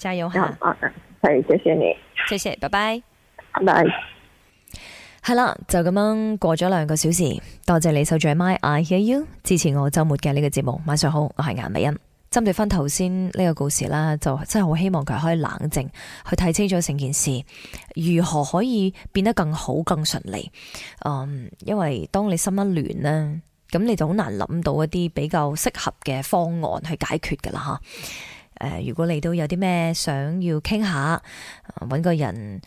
加油吓！係，謝謝你，謝謝，拜拜，拜 bye。係啦， 就咁樣過咗兩個小時，多謝你守住 MY，I hear you，支持我周末嘅呢個節目。晚上好，我係顏美欣。針對翻頭先呢個故事啦，就真係好希望佢可以冷靜去睇清，清楚成件事，如何可以變得更好、更順利。嗯，因為當你心一亂呢，咁你就好難諗到一啲比較適合嘅方案去解決噶啦吓。誒，如果你都有啲咩想要傾下，揾個人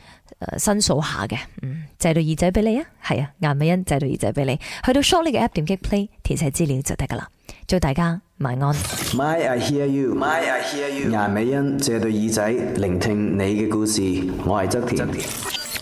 誒，申訴下嘅，嗯，借對耳仔俾你啊，係啊，顏美欣借對耳仔俾你，去到 shortly 嘅 app 點擊 play，填寫資料就得噶啦。祝大家晚安。MY I hear you? MY I hear you? 顏美欣借對耳仔聆聽你嘅故事，我係側田。